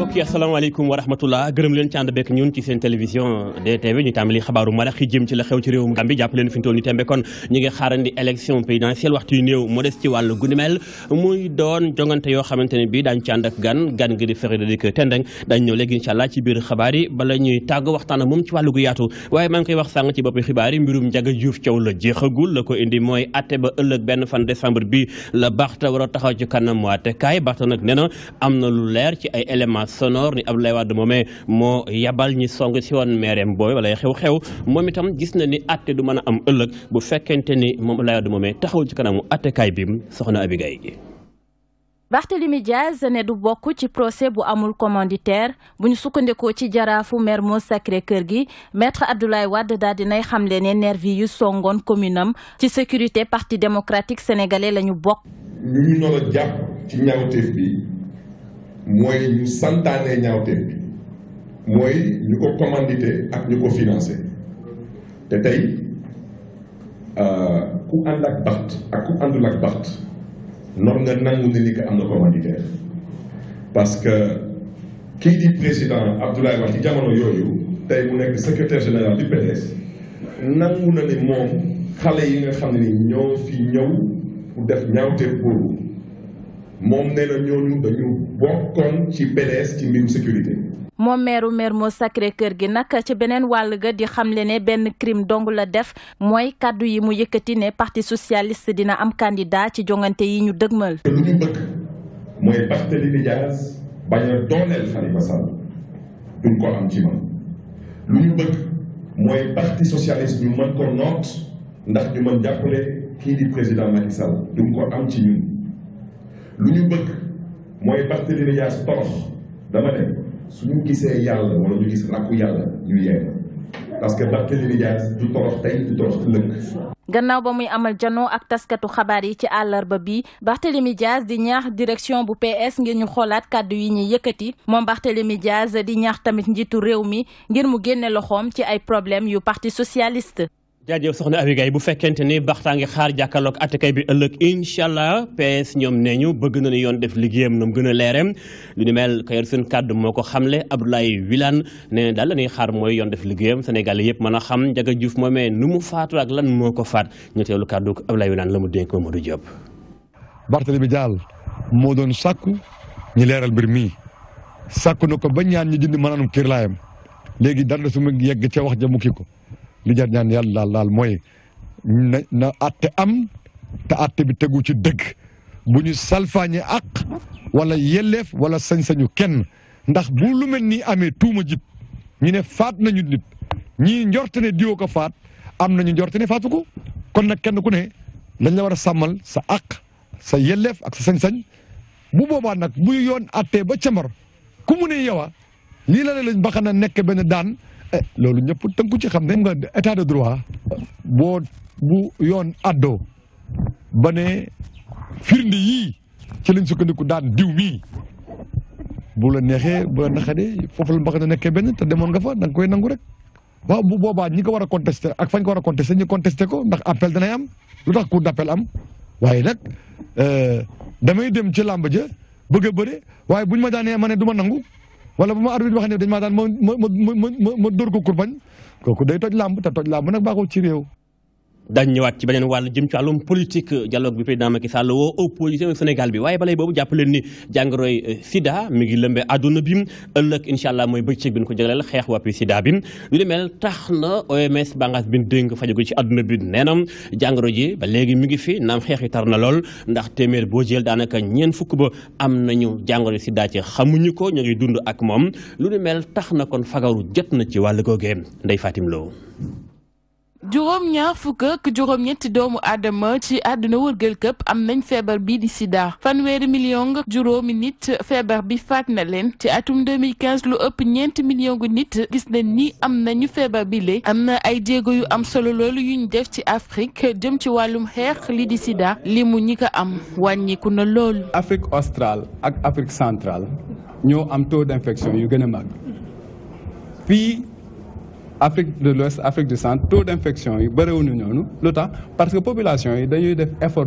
mbokk yi asalaamaaleykum wa rahmatullah gërëm leen ci ànd bekk ñun ci seen télévision DTV ñu tàmbali xabaaru marax yi jëm ci la xew ci réewum Gambie jàpp leen fi ñu toll ñu tembe kon ñu ngi xaarandi élection présidentielle waxtu yu néew mu des ci wàllu mel muy doon jongante yoo xamante ne bii daañ ci ànd ak gan gan gi di Frédérick Tendeng dañ ñëw léegi incha allah ci biir xabaar yi bala ñuy tàgg waxtaan ak moom ci wàllu gu yaatu waaye maa ngi koy wax sànq ci boppi xibaar yi mbirum Njaga Juuf Caw la jeexagul la ko indi mooy atte ba ëllëg benn fan décembre bi la baxta war a taxaw ci kanam waate kaay baxta nag nee na am na lu leer ci ay éléments sonore ni Abdoulaye Wade moomee moo yabal ñi song si woon meereem booy wala xew-xew moom itam gis na ni atte du mën am ëllëg bu fekkente ni moom Abdoulaye Wade moomee taxawul ci kanamu attekaay bi soxna Abi Gaye Barthélemy Diaz ne du bokk ci procès bu amul commanditaire bu ñu sukkandikoo ci jaraafu maire moo sacré kër gi maître Abdoulaye Wade daal nay xam ne nervi yu songoon commune am ci sécurité parti démocratique sénégalais la ñu bokk. ñu ñu doon jàpp ci ñaawteef bi. Moi, ñu santaanee ñawte bi mooy ñu ko commandité ak ñu ko financé tay tey euh, ku ànd ak baxte ak ku àndul ak baxte nga nangu ni que am na commanditaire parce que kii di président Abdoulaye Wade ci jamono yoyu tay mu nek secrétaire général du PDS nangu na ne mom xalé yi nga xam ñoo fi ñëw pour def ñawte pour moom nee na ñooñu dañu bokkoon ci PDS ci mbirum sécurité. moom meeru Mermoz Sacré-Cœur gi nag ci beneen wàll ga di xamle ne benn crime dong la def mooy kàddu yi mu yëkkati ne parti socialiste dina am candidat ci jongante yi ñu dëgmal. lu ñu bëgg mooy parti socialiste ñu mën ko noot ndax ñu mën jàppale kii di président Macky Sall duñ ko am ci ñun. luñu bëgg mooy Barthélémy Dias torox dama ne suñu gisee yàlla wala ñu gis rakku yàlla ñu yee parce que Barthélémy Dias du torox tey du torox ëllëg gannaaw ba muy amal janoo ak taskatu xabaar yi ci àllarba bi Barthélémy Dias di ñaax direction bu PS ngir ñu xoolaat kàddu yi ñuy yëkkati moom Barthélémy Dias di ñaax tamit njiitu réew mi ngir mu génne loxoom ci ay problème yu parti socialiste jaajëf soxna abi gay bu fekkente ni baxtaa ngi xaar jàkkaarloog attekay bi ëllëg incha allah PS ñoom nee ñu bëgg na ni yoon def liggéeyam nu mu gën a leere lu ni mel ka yor seen kàddu moo ko xamle Abdoulaye wilan nee na daal la ñuy xaar mooy yoon def liggéeyam Sénégal yëpp mën a xam Ndiaga Diouf moomee nu mu faatu ak lan moo ko faat ñu teewlu kàddu Abdoulaye wilan la mu dénk Mamadou Diop. Barthélémy Dias moo doon sàkku ñu leeral bir mi sàkku na ba ñaan ñi dindi laayam léegi na su yegg ca wax ja mu li jar ñaan yàlla daal laal mooy na na am te atte bi tegu ci dëgg bu ñu salfaañe ak wala yelleef wala sañ kenn ndax bu lu mel nii amee tuuma jib ñu ne faat nañu nit ñii njorte ne diwoo ko faat am nañu njorte ne faatu ko kon nag kenn ku ne dañ la war a sàmmal sa ak sa yelleef ak sa sañ-sañ bu boobaa nag bu yoon attee ba cambar ku mu ne yow lii la lañ baxa na nekk benn daan Eh, loolu ñëpp ku ci xam ne nga état de droit boo bu yoon addo ba ne firnde yii ci lañ sukkandiku daan diw mii bu la neexee bu la naxadee foofu la mbax ne nekkee benn te demoon nga fa da nga koy nangu rek waaw bu boobaa ñi ko war a contester ak fa ko war a contester ñu contester ko ndax appel danay am lu tax cour d'appel am waaye nag eh, damay dem ci làmb ja bëgg a bëre waaye buñ ma daanee ma ne du nangu wala bu ma arbitre bi wax ne dañ maa daan ma ma ma ma ma dóor ko kurbañ kooku day toj làmb te toj làmb nag baaxul ci réew. daañu ñëwaat ci beneen wàll jëm ci wàllum politique dialogue bi président Macky Sall woo opposition Sénégal bi waaye balay boobu jàpp leen ni jàngoroy euh, Sida mi ngi lëmbee àdduna bi ëllëg incha allah mooy bëccëg bi ñu ko jagleel xeex wàppi Sida bi. lu ni mel tax na OMS bànqaas bi ñu dénk fajagu ci àdduna bi nee na jàngoro ji ba léegi mi ngi fi naam xeex yi tar na lool ndax téeméer boo jël daanaka ñeent fukk ba am nañu jàngoro Sida ci xamuñu ko ñu ngi dund ak moom lu ni mel tax na kon fagaru jot na ci wàll googee Ndeye Fatim Lo juróom ñaar fukk juróom ñetti doomu aadama ci àdduna wërgël këpp am nañ feebar bii di sida fanweeri million juróomi nit feebar bi faat na leen ci atum 2015 lu ëpp ñeenti million gu nit gis nañ ni am nañu feebar bi le am na ay jéego yu am solo loolu yuñ def ci Afrique jëm ci wàllum xeex li di sida li mu ñi ko am wàññiku na loolu Afrique australe ak Afrique centrale ñoo am taux d'infection yu gën mag Afrique de l'Ouest Afrique du Centre taux d'infection est bëriwuñu ñoonu parce que population a fait des effort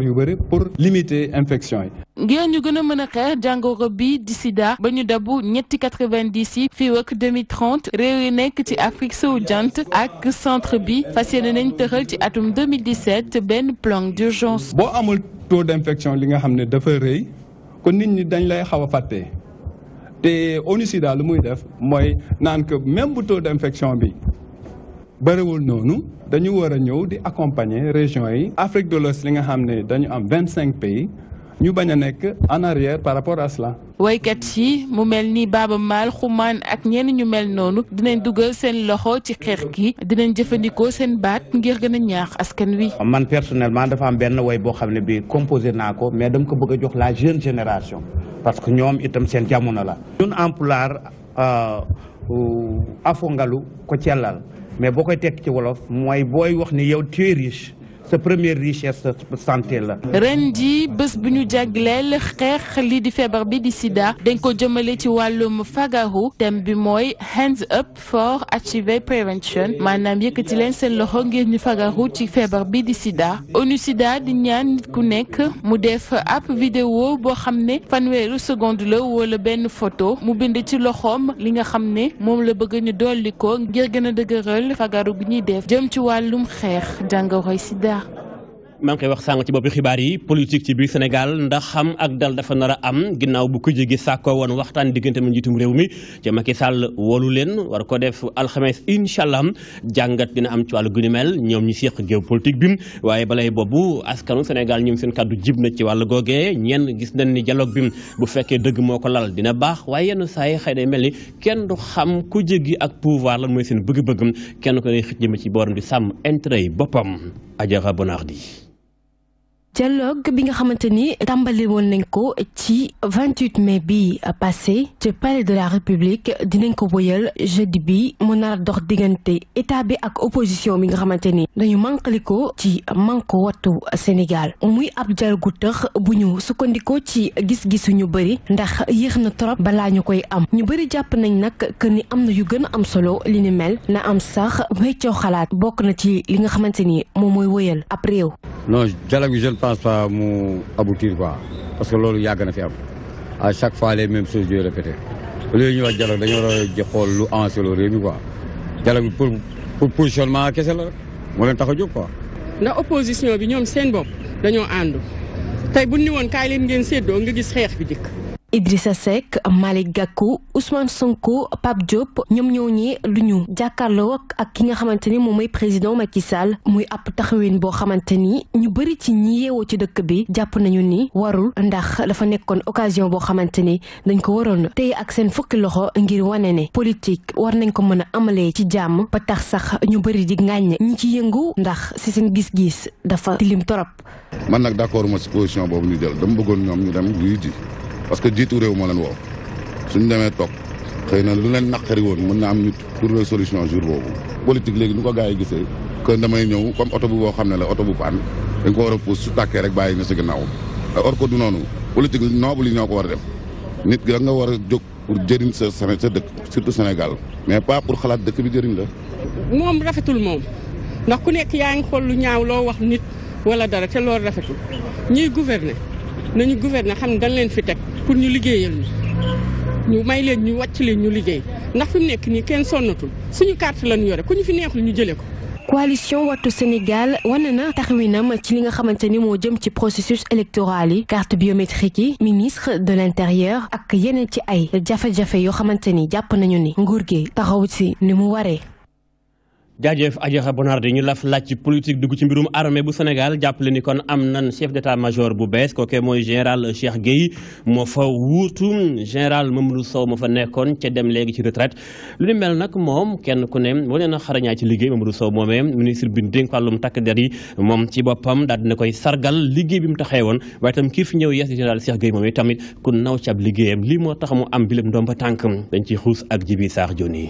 pour limiter l'infection. Nous avons ñu gën a mën Dissida, xeex a bi en Sida en 90 2030 réew en Afrique saoudienne, jant ak centre bi fas yéene nañ en ci atum 2017 Ben plan d'urgence. avez amul taux d'infection li nga xam ne dafa rëy kon nit ñi dañ lay xaw a fàtte. ce qu'il lu muy def que même taux d'infection bëriwul nonu, dañu wara ñew di accompagner région yi Afrique de l'Ouest li nga xamné dañu am 25 pays ñu baña nek en arrière par rapport à cela. waykat yi mu melni ni mal Maal ak ñen ñu mel noonu dinañ duggal seen loxo ci xex gi dinañ jëfëndiko seen baat ngir gëna ñaax askan wi. man personnellement dafa am ben way bo xamné bi composer nako mais dama ko bëgg jox la jeune génération parce que ñom itam seen jamono la. ñun en euh, euh afongalu ko cellal mais boo koy tekk ci wolof mooy booy wax ni yow tu es riche sa première richesse santé la. ren ji bés bu ñu jagleel xeex lii di feebar bi di Sida dañ ko jëmale ci wàllum fagaru thème bi mooy hands up for HIV prevention maanaam yëkkati leen seen loxo ngir ñu fagaru ci feebar bi di Sida ONU Sida di ñaan nit ku nekk mu def ab vidéo boo xam ne fanweeru seconde la wala benn photo mu bind ci loxoom li nga xam ne moom la bëgg ñu dolli ko ngir gën a dëgëral fagaru bi ñuy def jëm ci wàllum xeex jàngoroy Sida. mang koy wax sang ci boppi xibaar yi politique ci biir Sénégal ndax xam ak dal dafa nara am ginnaw bu ku gi sako won waxtan diggante mu njiitum réew mi ci Macky Sall wolu len war ko def al khamis inshallah jangat dina am ci walu guni mel ñoom ñu séq politique bi waye balay bobu askanu Sénégal ñoom seen kaddu jibna ci walu googee ñen gis nañ ni dialogue bi bu fekkee dëgg moko lal dina bax waye yenn say yi xëy day mel kenn du xam ku gi ak pouvoir la moy seen bëgg bëggum kenn ko lay xit ci borom di Sam intérêt bopam boppam Bonardi dialogue bi nga xamanteni tambali tàmbali woon nañ ko ci 28 mai bi passé ci palais de la république dinañ ko wëyal jeudi bi mo nar dox diganté état bi ak opposition bi nga xamanteni dañu mànqaliko ci manko wattu Sénégal muy ab dial gu teux buñu sukkandikoo ci gis-gisu ñu bëri ndax yexna na trop balaa ñu koy am ñu bëri japp nañ nak que ni amna yu gën am solo li ni mel na am sax weccoo xalaat bok na ci li nga xamanteni mo moy mooy wëyal réew non dialogue bi je ne pense pas mu aboutir quoi parce que loolu yàgg na fi am à chaque fois les mêmes choses yooyu répété loolu ñuy wax dialogue dañoo war a xool lu avancé loolu réew mi quoi dialogue bi pour pour positionnement kese la rek moo leen tax a jóg quoi. ndax opposition bi ñoom seen bopp dañoo àndu tey bu ñu ni woon kaay leen ngeen séddoo nga gis xeex bi dikk. Idrissa Seck Malick Gakou Ousmane Sonko Pape Diop ñoom ñoo ñee lu ñu jàkkaarloo ak ki nga xamante ni moom mooy président Macky Sall muy ab taxawin boo xamante ni ñu bëri ci ñi yeewoo ci dëkk bi jàpp nañu ni warul ndax dafa nekkoon occasion boo xamante ni dañ ko waroon tey ak seen fukki loxo ngir wane ne politique war nañ ko mën a amalee ci jàmm ba tax sax ñu bëri di ngàññ ñi ci yëngu ndax si seen gis-gis dafa tilim torop man nag d'accord ma si boobu ñu jël dama parce que jiitu réew moo leen woo suñu demee toog xëy na lu leen naqari woon mën na am ñu trouver solution jour boobu. politique léegi nu ko gars yi gisee damay ñëw comme oto bu boo xam ne la oto bu paan dañ ko war a pousse su tàkkee rek bàyyi na si ginnaaw or ko du noonu politique noble yi ñoo ko war def nit ki da nga war a jóg pour jëriñ sa sa dëkk surtout Sénégal mais pas pour xalaat dëkk bi jëriñ la. moom rafetul moom ndax ku nekk yaa ngi xool ñaaw loo wax nit wala nañu gouverner xam ne dañ leen fi teg pour ñu liggéeyal ñu may leen ñu wàcc leen ñu liggéey ndax fi mu nekk nii kenn sonnatul suñu carte lañu yore ku ñu fi neexul ñu jëlee ko. coalition wattu Sénégal wane na taxawinam ci li nga xamante ni moo jëm ci processus électoral yi carte biométrique yi ministre de l'intérieur ak yeneen ci ay jafe-jafe yoo xamante ni jàpp nañu ni nguur gi taxaw ci ni mu waree. jaajëf Adja Bonardi ñu laf laaj ci politique dugg ci mbirum armée bu Sénégal jàppale ni kon am nan chef d'état-major bu bees kooke mooy général Cheikh Guèye moo fa wuutu général Mamadou Sow moo fa nekkoon ca dem léegi ci mel nag moom kenn ku ne wane na xarañaa ci liggéey Mamadou Sow moomee ministre bi dénk wàllum takk der yi moom ci boppam daal dina koy sargal liggéey bi mu taxee woon waaye itam kii fi ñëw yees général Cheikh Guèye moom tamit ku naw ci ab liggéeyam lii moo tax mu am bilib ndomba tànk dañ ci xuus ak jibi saax joni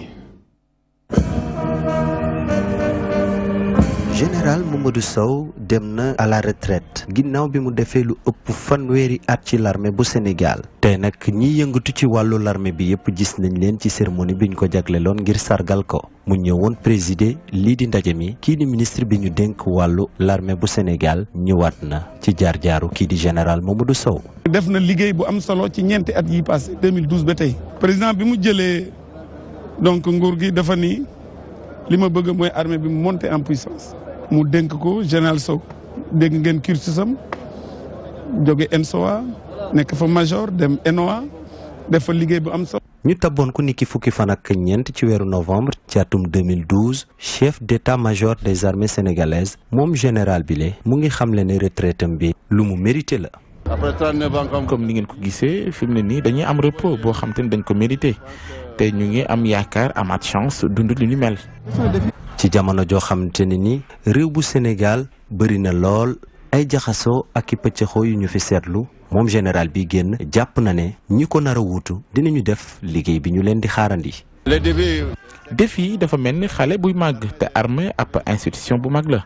général Mamadou Sow demna à la retraite ginnaw bi mu défé lu ëpp fanweeri at ci l'armée bu Sénégal té nak ñi yëngatu ci walu l'armée bi yépp gis nañ leen ci cérémonie bi ñu ko jagleeloon ngir sargal ko mu ñëwone présider li di ndaje mi di ministre bi ñu dénk l'armée bu Sénégal ñëwaat na ci jaar-jaaru ki di général Mamadou Sow. defna ligéy bu am solo ci ñeenti at yi passé 2012 ba président bi mu jëlé donc nguur gi dafa ni lima bëgg moy armée bi monter en puissance mu dénk ko général Sow dégg ngeen cursusam jóge ENSOA nekk fa major dem ENOA def fa liggéey bu am solo. ñu tabboon ko niki fukki fan ak ñeent ci weeru novembre ci atum 2012 chef d'état-major des armées sénégalaises moom général bile mu ngi xam ne retraitam bi lu mu mérité la. après 39 ans comme ni ngeen ko gisee fi ne nii dañuy am repos boo xam te ne dañ ko mérité. te ñu ngi am yaakaar amaat chance dund li ñu mel. ci jamono joo xamante ne ni réew bu Sénégal bëri na lool ay jaxasoo ak i pëccëxoo yu ñu fi seetlu moom général bi génn jàpp na ne ñi ko nar a wuutu dinañu def liggéey bi ñu leen di xaarandi. le défi. défi yi dafa melni xalé buy mag te armée ap institution bu mag la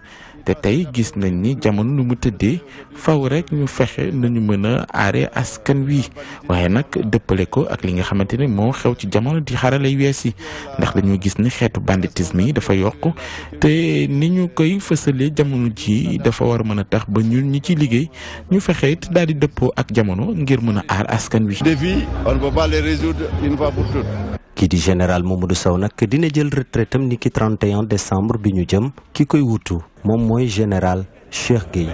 te tay gis nañ ni jamono nu mu tëddee faw rek ñu fexé nañu mëna a askan wi waaye nak dëppale ko ak li nga mo xew ci jamono di xaralé wéssi ndax gis ni xétu banditisme yi dafa yokk te niñu koy fësalee jamono ji dafa war mëna tax ba ñun ñi ci liggéey ñu fexé di ak jamono ngir mëna a askan wi. défi on ne peut pas les résoudre une fois pour toutes. kii di général Mamadou Sow nag dina jël retraitam ni ki 31 décembre bi ñu jëm ki koy wutu moom mooy général Cheikh Guèye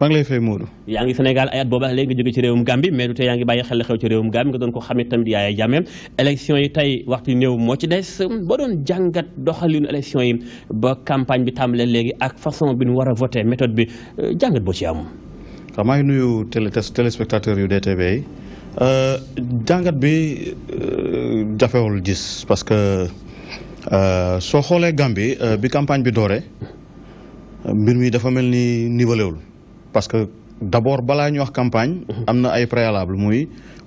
maa ngi lay fay Modou. yaa ngi Sénégal ay at booba léegi nga jóge ci réewum Gambie mais du tey yaa ngi bàyyi xel xew ci réewum Gambie nga doon ko xamit tamit Yaya Jammeh élection yi tey waxtu yu néew moo ci des boo doon jàngat doxalinu élection yi ba campagne bi tàmbalee léegi ak façon bi nu war a voté bi euh, jàngat boo ci am. maa ngi nuyu télé téléspectateurs yu DTV yi euh, jàngat bi euh, jafewul gis que soo xoolee Gambie bi campagne bi doore mbir mi dafa mel ni nivelewul parce que d' abord balaa ñu wax campagne. Mhm. am na ay préalable muy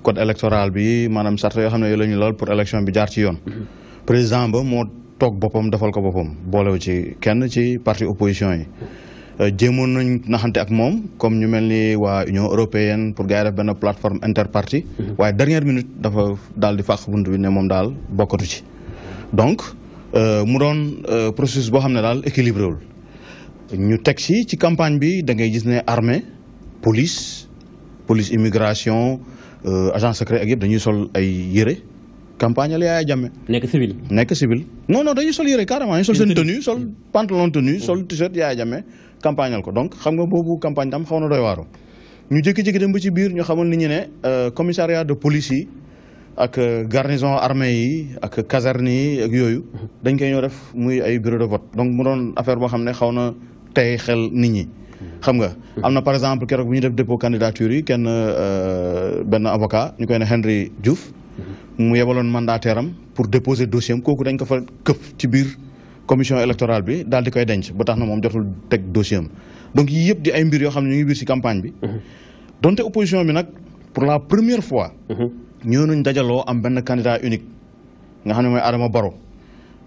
code électoral bi maanaam charte yoo xam ne yooyu la ñu lool pour élection bi jaar ci yoon. Mhm. président ba moo toog boppam defal ko boppam boolewu ci kenn ci partie opposition yi. Euh, jéemoon nañ naxante ak moom comme ñu mel ni waa Union européenne pour gars yi def benn plateforme interparti. Mhm. waaye dernière minute dafa daal di fàq bunt bi ne moom daal bokkatu ci. donc euh, mu doon euh, processus boo xam ne daal équilibré wul. ñu taxi, si ci campagne bi da ngay gis ne armée police police immigration euh, agent secret ak yëpp dañuy sol ay yére campagne la Yaya Jammeh. nekk civil. nekk civil non non dañuy sol yére carrément dañuy sol seen tenue sol pantalon tenue mm. sol t-shirt Yaya Jammeh campagnal ko donc xam nga boobu campagne tam xaw na doy waaru ñu jékki-jékki dem ba ci biir ñu xamal nit ñi ne euh, commissariat de police yi ak euh, garnison armée yi ak caserne yi ak yooyu mm-hmm. dañ koy ñëw def muy ay bureau de vote donc mu doon affaire boo xam ne xaw na tey xel nit ñi. xam nga amna par exemple kérok bu ñu def dépôt candidature yi kenn ben avocat ñu koy ne Henry Diouf. mu yebalon mandataire am pour déposer dossier am koku dañ ko fa keuf ci bir commission électorale bi dal di koy denc ba tax na moom jotul tek dossier am donc yii yëpp di ay mbir yo xam ne ñu ngi biir si campagne bi. donte opposition bi nak pour la première fois. ñoo nañ dajalo am ben candidat unique nga xam ne mooy Adama Barrow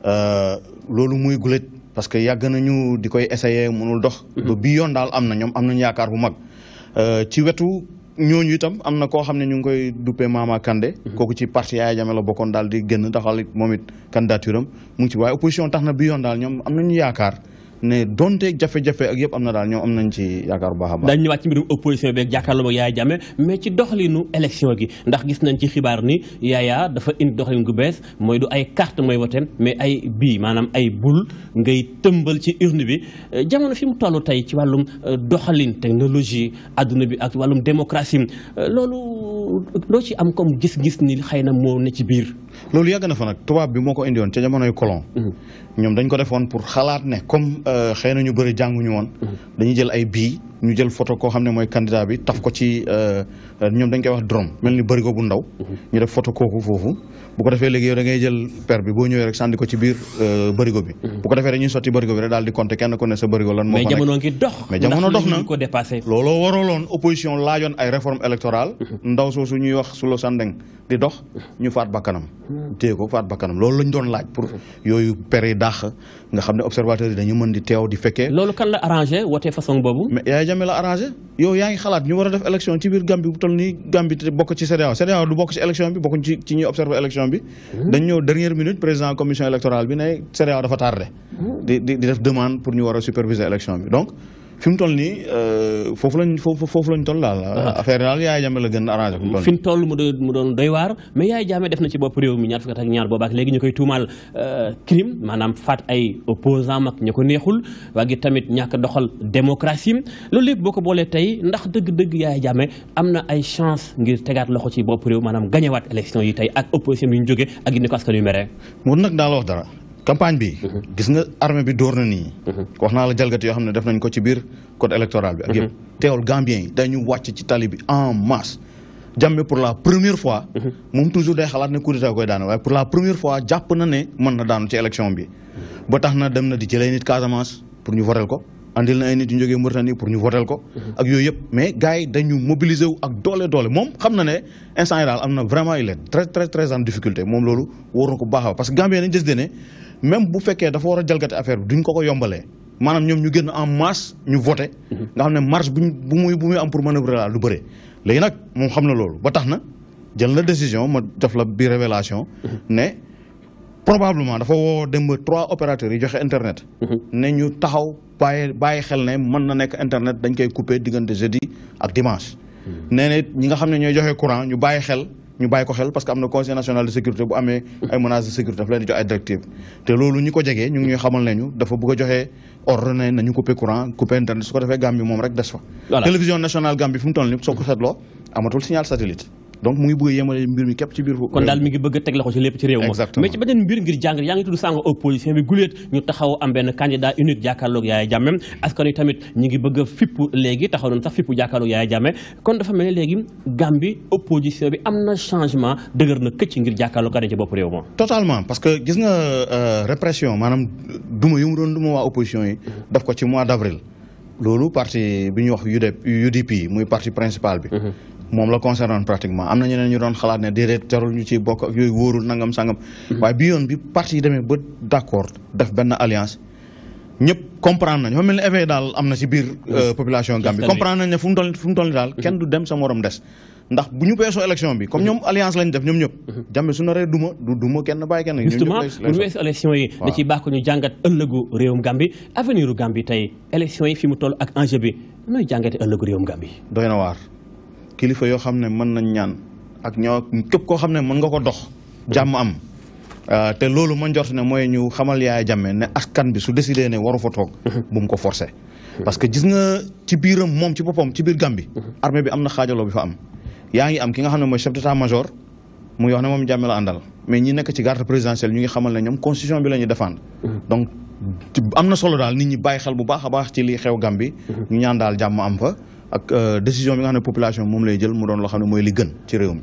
euh, lolu muy gulet. parce que yàgg nañu di koy essayer mënul dox. Mhm. ba bii yoon daal am na ñoom am nañu yaakaar bu mag euh, ci wetu. ñooñu itam am na koo xam ne ñu ngi koy duppee Mama Kandé mhm. kooku ci parti Yaya Jammeh la bokkoon daal di génn taxal moom it candidature am mu ngi ci waaye opposition tax na bi yoon daal ñoom am na ñu yaakaar ne donte jafe-jafe ak yëpp am na daal ñoom am nañ ci yaakaar bu baax a baax. daañu ñëwaat ci mbirum opposition beeg jàkkaarloo ak Yaya Jammeh mais ci doxalinu élection gi ndax gis nañ ci xibaar ni Yaya dafa indi doxalin gu bees mooy du ay carte mooy wote mais ay bii maanaam ay bul ngay tëmbal ci urne bi jamono fi mu toll tey ci wàllum euh, doxalin technologie adduna bi ak wàllum démocratie euh, loolu loo ci am comme gis-gis ni xëy na moo ne ci biir. loolu yàgg na fa nag tubaab bi moo ko indiwoon ca jamonoy colon. ñoom dañ ko defoon pour xalaat ne comme euh, xëy na ñu bëri jànguñu woon. dañu jël ay bii. ñu jël photo koo xam ne mooy candidat bi taf ko ci euh, euh, ñoom dañ koy wax drone mel ni bërigo bu ndaw. Mhm. ñu def photo kooku foofu bu ko defee léegi yow da ngay jël per bi boo ñëwee rek sànni ci biir euh, bërigo bi. Mhm. bu ko defee rek ñuy sotti bërigo bi rek daal di compter kenn ko dépassé. Mhm. di dox ñu faat bakkanam. téye faat bakkanam loolu lañ doon laaj pour yooyu per yi nga xam ne observateurs yi dañu mën teew di fekkee. loolu kan la arrangé wote façon boobu. Jame la arrangé yo yaa ngi xalaat ñu wara def élection ci bir Gambie bu toll ni Gambie te bokk ci CEDEAO CEDEAO du bokk ci élection bi bokku ci ci ñuy observer élection bi. dañ ñëw dernière minute président commission électorale bi ne CEDEAO dafa tardé. Hmm. di di def demande pour ñu wara superviser élection bi donc. fi mu toll nii euh, foofu lañ foofu foofu lañ toll daal. Ah. affaire daal Yaya Jammeh la gën a arrangé. fi mu toll mu doon doy waar mais Yaya Jammeh def na ci bopp réew mi ñaar fukki at ak ñaar boobaak léegi ñu koy tuumaal euh, crime maanaam faat ay opposants ak ñu ko neexul waa tamit ñàkk doxal démocratie loolu lépp boo ko boolee tey ndax dëgg-dëgg Yaya Jammeh am na ay chance ngir tegaat loxo ci bopp réew maanaam gañewaat élection yi tey ak opposition yi ñu jógee ak yi ne ko askan wi meree. mun nag wax dara. campagne bi. Mhm. gis nga armée bi dóor na nii. Mhm. wax naa la jalgati yoo xam ne def nañ ko ci biir code électoral bi. ak yëpp mhm. teewul Gambien yi dañu wàcc ci tali bi en masse. jàmme pour la première fois. moom toujours day xalaat ne coup d'état koy daane waaye pour la première fois jàpp na ne mën na daanu ci élection bi. ba tax na dem na di jëlee nit Casamance pour ñu votel ko andil na ay nit yu jógee Mauritanie pour ñu votel ko. ak yooyu yëpp mais gars yi dañu mobiliser wu ak doole doole moom xam na ne instant yi daal am na vraiment il est très très très en difficulté moom loolu waroon ko baax parce que Gambien dañu gis ne. même bu fekkee dafa war a jalgati affaire bi duñ ko ko yombalee maanaam ñoom ñu génn en masse ñu voté. Mhm. nga xam ne marge bu muy bu muy am pour manœuvre la lu bëre. léegi nag moom xam na loolu ba tax na jël na décision ma def la bi révélation mhm. ne probablement dafa woo dem trois opérateurs yi joxe internet. Mhm. ne ñu taxaw bàyyi bàyyi xel ne mën na nekk internet dañ koy coupé diggante jeudi ak dimanche. nee na ñi nga xam ne ñooy joxe courant ñu bàyyi xel. ñu bàyyi ko xel parce que am na conseil national de sécurité bu amee ay menaces de sécurité daf leen di jox ay te loolu ñi ko jegee ñu ngi ñuy xamal ne ñu dafa bëgg a joxee ordre ne nañu couper courant couper internet su ko defee Gambie moom rek des fa télévision nationale Gambie fu toll nii soo ko seetloo amatul signal satellite donc mu ngi bëgg a yemale mbir mi képp ci biir kon daal mi ngi bëgg a teg loxo ci lépp ci réew ma mais ci beneen mbir ngir jàng yaa ngi tudd sànq opposition bi guléet ñu taxaw tamit ñu ngi bëgg a léegi taxaw nañ sax fipp jàkkaarloog Yaya Jammeh dafa mel ne léegi Gambie opposition bi am na changement dëgër na këcc ngir jàkkaarloog gane ci bopp réew ma totalement parce que gis nga euh, répression maanaam duma yu mu doon duma waa opposition yi mhm. daf ko ci mois d'avril loolu parti bi ñuy wax UDP muy parti principal bi mhm. mom la concerné pratiquement amna na ñeneen ñu doon xalaat ne déedéet jarul ñu ci bokk ak yoy worul nangam sangam. Mm-hmm. waaye bi yoon bi parti yi demee ba d'accord def ben alliance ñëpp comprendre nañu melni éveil daal am mm-hmm. euh, population Gambie comprendre nañu ne fu mu toll fu mu toll kenn du dem sa morom des. ndax bu ñu weesoo élection bi comme mm-hmm. ñom alliance lañ def ñom ñëpp jambe suñu naree duma du duma kenn baye kenn justement bu ñu weesoo élection yi da ci bakku ñu jangat ëllëgu réewum gambie avenir gambie tay élection yi fi mu toll ak enjeu bi nooy jangati ëllëgu réewum gambie doyna war kilifa yoo xam ne mën na ñaan ak ñoo képp koo xam ne mën nga ko dox jàmm am euh, te loolu ma njort ne mooy ñu xamal yaay jàmme ne askan bi su décidé ne waru fa toog bu mu ko forcé parce que gis nga ci biiram moom ci boppam ci biir Gàmbi armée bi am na xaajaloo bi fa am yaa ngi am ki nga xam ne mooy chef d'état major muy wax ne moom jàmme la àndal mais ñi nekk ci garde présidentielle ñu ngi xamal ne ñoom constitution bi la ñuy défendre donc am na solo daal nit ñi bàyyi a baax ci lii xew Gàmbi ñu ñaan daal jàmm ak euh, décision bi nga xam ne population moom lay jël mu doon loo xam ne mooy ligën ci réew mi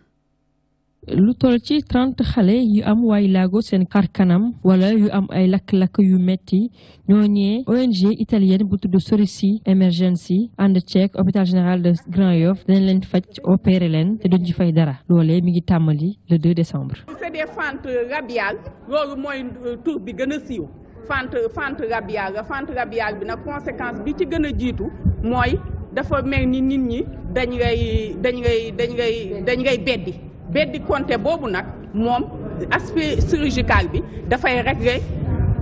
lu 30 ci trente xale yu am way lago sen karkanam wala yu am ay lak lak yu metti ONG italienne bu tuddu Sorisi Emergency and check hôpital général de Grand Yoff dañ leen opéré leen te duñ ci fay dara lolé mi ngi tamali le 2 décembre. c'est des fentes rabiales loolu moy euh, tour bi gëna a siiw fente fente rabiale la bi conséquence bi ci tout, moi, moy dafa mel ni nit ñi dañ dañ ngay dañ ngay dañ ngay beddi beddi compté boobu nag moom aspect chirurgical bi dafay régler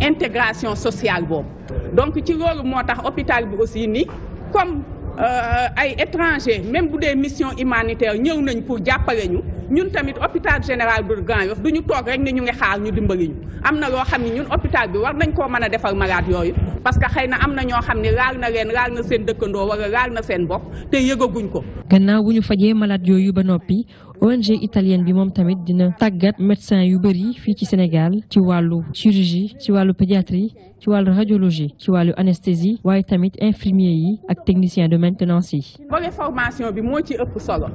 intégration sociale boobu donc ci loolu moo tax hôpital bi aussi ni comme euh, ay étrangers même bu dee mission humanitaire ñëw nañ pour jàppale ñu ñun tamit hôpital général bu Grand Yoff du ñu toog rek ne ñu ngi xaar ñu dimbali ñu am na loo xam ñun hôpital bi war nañ koo mën a defal malade yooyu parce que xëy na am na ñoo xam ne laal na leen laal na seen dëkkandoo wala laal na seen bopp te yëgaguñ ko. gannaaw bu ñu fajee malade yooyu ba noppi. ONG italienne bi mom tamit dina tagat médecin yu bëri fi ci Sénégal ci walu chirurgie ci walu pédiatrie ci walu radiologie ci walu anesthésie waye tamit infirmier yi ak technicien de maintenance yi. volet formation bi mo ci ëpp solo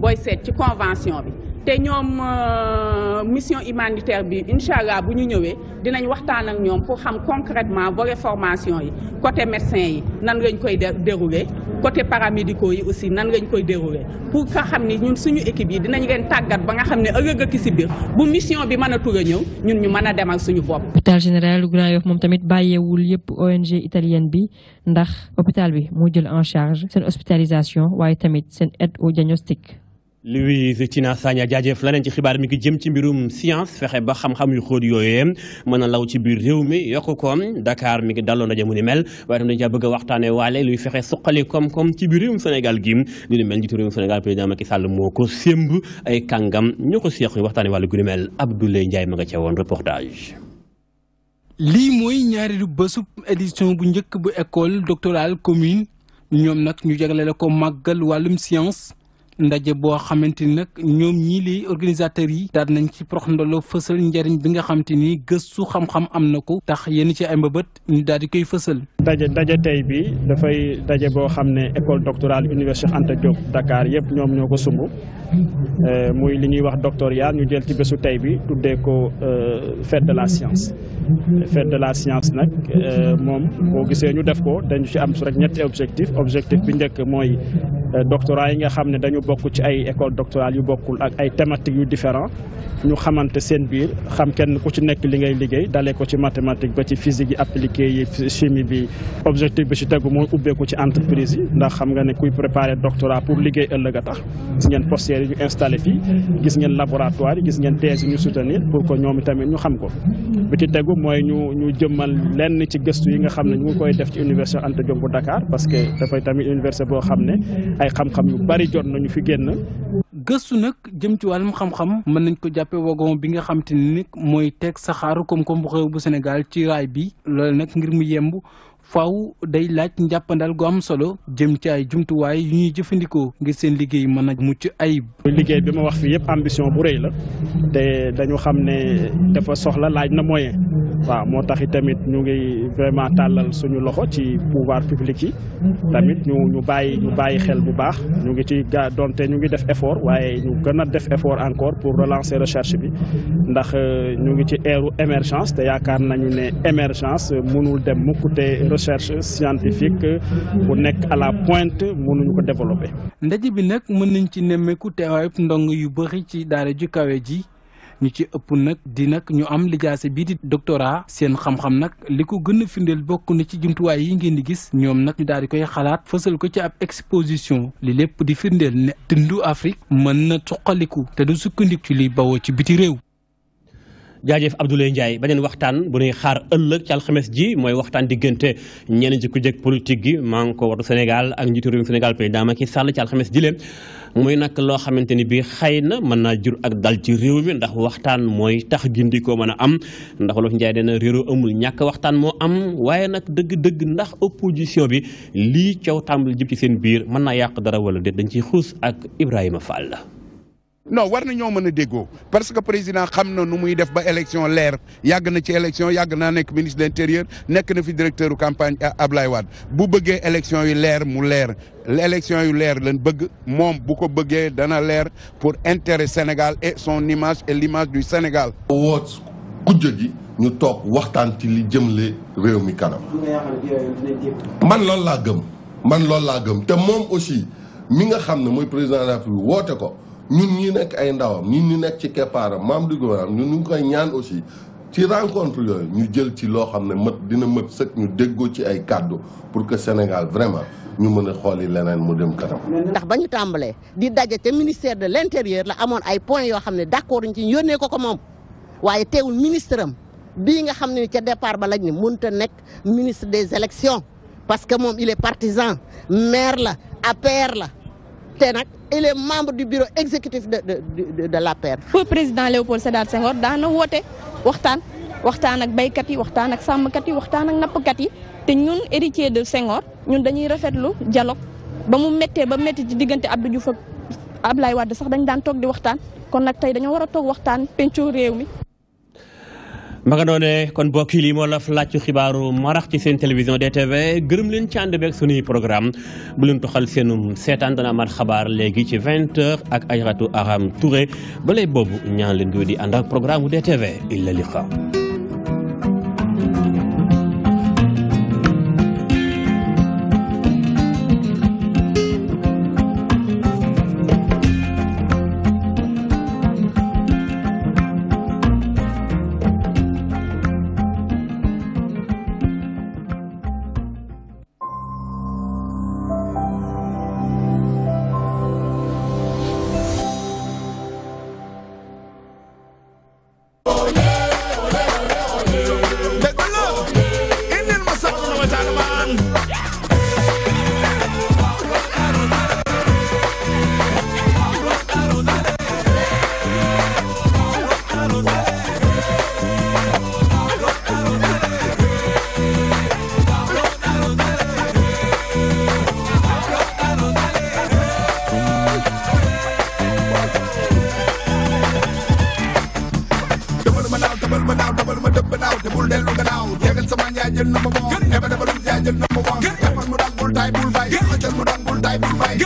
boy sét ci convention bi ñom ñoom euh, mission humanitaire bi inshallah buñu ñëwé ñu ñëwee dinañ waxtaan ak ñom pour xam concrètement bo formation yi côté médecin yi nan lañ koy dérouler côté paramédicaux yi aussi nan lañ koy dérouler pour nga xam ni ñun suñu équipe yi dinañ leen tagat ba nga xam ne ëllëg ak si biir bu mission bi mëna tuuga ñëw ñun ñu mëna a demal suñu bop hôpital général lu Grand Yoff mom tamit bàyyeewul yépp ONG italienne bi ndax hôpital bi mo jël en charge sen hospitalisation waye tamit sen aide au diagnostic. Louise Tina Sagna jaajëf leneen ci xibaar mi ngi jëm ci mbirum science fexe ba xam-xam yu xóot yooyee mën a law ci biir réew mi yokk koom Dakar mi ngi daloo ndaje mu ni mel a waxtaane waale luy fexe suqali kom koom ci biir réewum Sénégal gi li ni mel njiitu réewum Sénégal président moo ko sémb ay kàngam ñoo ko seeq ñu waxtaane wàllu gu ni mel Abdoulaye Ndiaye ma nga ca woon reportage lii mooy ñaareelu bésub édition bu njëkk bu école doctorale commune ñoom nag ñu jagleel ko màggal wàllum ndaje boo xamante ni nag ñoom ñii lay organisateurs yi daal nañ ci prox ndolo fësal njëriñ bi nga xamante ni gëstu xam-xam am na ko tax yenn ci ay mbëbët ñu daal di koy fësal. daje daje tey bi dafay daje boo xam ne école doctorale université Cheikh Anta Diop Dakar yëpp ñoom ñoo ko sumb euh, muy li ñuy wax doctorat ñu jël ci bésu tey bi tuddee ko euh, fête de la science. fête de la science nag euh, moom boo gisee ñu def ko dañu ci am rek ñetti objectif objectif bi njëkk mooy doctorat yi nga xam ne dañu bokku ci ay école doctorale yu bokkul ak ay thématiques yu différent ñu xamanté sen biir xam kenn ku ci nekk li ngay liggéey dalé ko ci mathématique ba ci physique appliquée yi chimie bi objectif bi ci tagu moy ubbé ko ci entreprise yi ndax xam nga né kuy préparer doctorat pour liggéey ëllëga tax gis ngeen postières yi ñu installé fi gis ngeen laboratoire gis ngeen thèse ñu soutenir pour que ñoom tamit ñu xam ko bi ci tagu moy ñu ñu jëmmal lenn ci gëstu yi nga xam ne ñu koy def ci université Anta Diop Dakar parce que dafay tamit université boo xam ne ay xam-xam yu bari jot nañu fi génn. gëstu nag jëm ci wàllum xam-xam mën nañ ko jàppe wagon bi nga xam te ni mooy teg saxaaru koom-koom bu xew bu Sénégal ci raay bi loolu nag ngir mu yemb faaw day laaj njàppandal gu am solo jëm ci ay jumtuwaay yu ñuy jëfandikoo ngir seen liggéey mën a mucc ayib. liggéey bi ma wax fii yëpp ambition bu rëy la te dañu xam ne dafa soxla laaj na moyen waaw moo tax tamit ñu ngi vraiment tàllal suñu loxo ci pouvoir public yi tamit ñu ñu bàyyi ñu bàyyi xel bu baax ñu ngi ci ga donte ñu ngi def effort waaye ñu gën a def effort encore pour relancer recherche bi ndax euh, ñu ngi ci eeru émergence te yaakaar nañu ne émergence mënul dem mukk te recherche scientifique pour nek à la pointe ñu ko développer. ndaji bi nak mën nañ ci nemmeeku teewaayub ndong yu bëri ci daara ju kawé ji ñu ci ëpp nak di nak ñu am lijaase bi di doctorat seen xam-xam nak liko ko gën a firndeel na ci jumtuwaay yi ngeen di gis ñom nak ñu daal di koy xalaat fësal ko ci ab exposition li lepp di firndeel ne tundu Afrique mën na suqaliku té du sukkandiku ci li bawo ci biti réew. jaajëf Abdoulaye ba beneen waxtaan bu ñuy xaar ëllëg ci alxames ji mooy waxtaan diggante ñenn ci ku jëkk politique gi maa ngi ko waru Sénégal ak njiitu réew Sénégal président Macky Sall ci alxames leen muy nag loo xamante ni bii xëy na mën naa jur ak ci réew mi ndax waxtaan mooy tax gindikoo mën a am ndax Wolof Njaay na réeroo amul ñàkk waxtaan moo am waaye nag dëgg-dëgg ndax opposition bi lii coow tàmbali jëm ci seen biir mën naa yàq dara wala de dañ ciy xuus ak Ibrahima Fall non war na ñoo mëna a déggoo parce que président xam na nu muy def ba élection leer yàgg na ci élection yàgg naa nekk ministre de l'intérieur nekk na fi directeur campagne Ablaye Wade bu bëggee élection yu leer mu leer élection yu leer lañ bëgg moom bu ko bëggee dana leer pour intérêt Sénégal et son image et l'image du Sénégal woot kujje gi ñu toog waxtaan ci li jëmle réew mi kanam man loolu laa gëm man loolu laa gëm te moom aussi mi nga xam ne mooy président de la République woote ko ñun ñi nekk ay ndawam ñun ñu nekk ci keppaaram membre du gouvernement ñun ñu koy ñaan aussi ci rencontre yooyu ñu jël ci loo xam ne mët dina mët sëkk ñu déggoo ci ay kàddu pour que Sénégal vraiment ñu mën a xooli leneen mu dem kanam. ndax ba ñu tàmbalee di daje te ministère de l' la amoon ay point yoo xam ne d' accord ñu ci yónnee ko ko moom waaye teewul ministre am bii nga xam ne ca départ ba lañ ni mënut nekk ministre des élections parce que moom il est partisan maire la APR la. te nag il est membre du bureau exécutif de de de la l'APR. président Léopold Sédar Senghor daan na woote waxtaan waxtaan ak baykat yi waxtaan ak sàmmkat yi waxtaan ak nappkat yi te ñun héritier de Senghor ñun dañuy rafetlu dialogue ba mu méttee ba metti ci diggante Abdou Diouf ak Ablaye Wade sax dañ daan toog di waxtaan kon nag tey dañoo war a toog waxtaan pencoo réew mi. ma nga doonee kon mbokk yi lii moo la laajtu xibaaru marax ci seen télévision DTV gërëm leen ci ànd beeg suñuy programme bu leen toxal seenum seetaan dana amaat xabaar léegi ci 20h ak Ajaratu Aram Touré ba lay boobu ñaan leen di ànd ak programme DTV illa liqa jaay jël number one. never never lose jaay jël number one. mu daan bul tay bul bay. xëccal mu daan bul tay bul bay.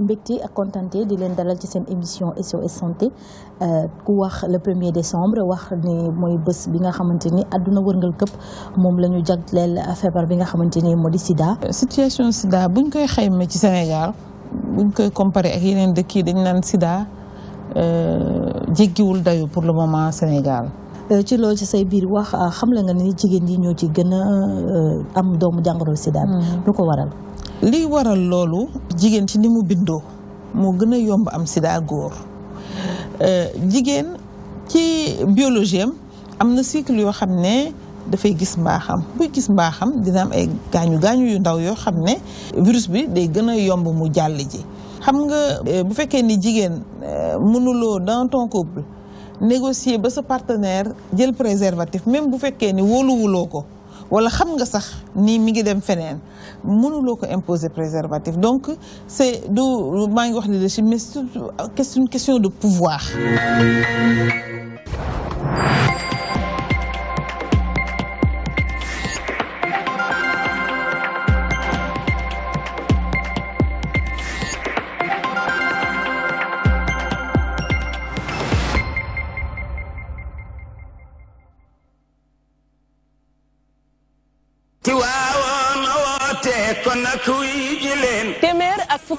mbégte ak contenté di len dalal ci sen émission SOS santé euh, ku wax le er décembre wax ne moy bëss bi nga xamante aduna wërngal kep mom lañu ñu jagleel bi nga xamante modi Sida. situation Sida buñ koy xayma ci Sénégal buñ koy comparer ak yenen dëkk yi dañ nan Sida euh jéggiwul dayu pour le moment Sénégal. Euh, ci loolu ci say bir wax euh, xam la nga ni jigéen yi ñoo ci gëna am doomu jangoro Sida. Mm-hmm. lu ko waral. li waral loolu jigéen ci ni mu bindoo moo gën a yomb am sida góor euh, jigéen ci biologie am am na cycle yoo xam ne dafay gis mbaaxam buy gis mbaaxam dina am ay gaañu gaañu yu ndaw yoo xam ne virus bi day gën a yomb mu jàll ji. xam nga euh, bu fekkee ni jigéen euh, mënuloo dans ton couple négocier ba sa partenaire jël préservatif même bu fekkee ni wóoluwuloo ko. wala xam nga sax ni mi ngi dem feneen mënuloo ko imposer préservatif donc c'est du maa ngi wax leadership mais c'est une question de pouvoir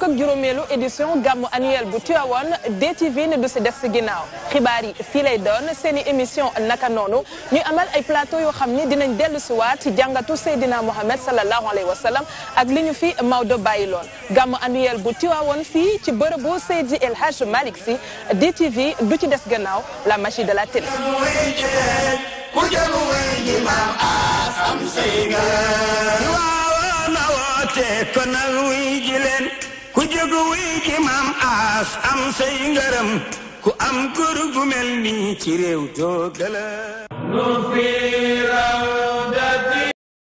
fukk édition gamu annuel bu Tivaouane DTV ne du ci def si ginnaaw xibaar yi lay doon seen émission naka noonu ñuy amal ay plateau yoo xam ni dinañ dellu si waat jàngatu sayidina Mohamed sallallahu alayhi wa sallam ak li ñu fi maudo bàyyi gamu annuelle annuel bu Tivaouane fii ci bërëbu Seydi El Hadj malik Sy DTV du ci des gannaaw la machine de la télé Kon na wuy ji jógu wuy ci maam aas am say ngërëm ku am kër gu mel nii ci réew doo gëlëm lu fi raw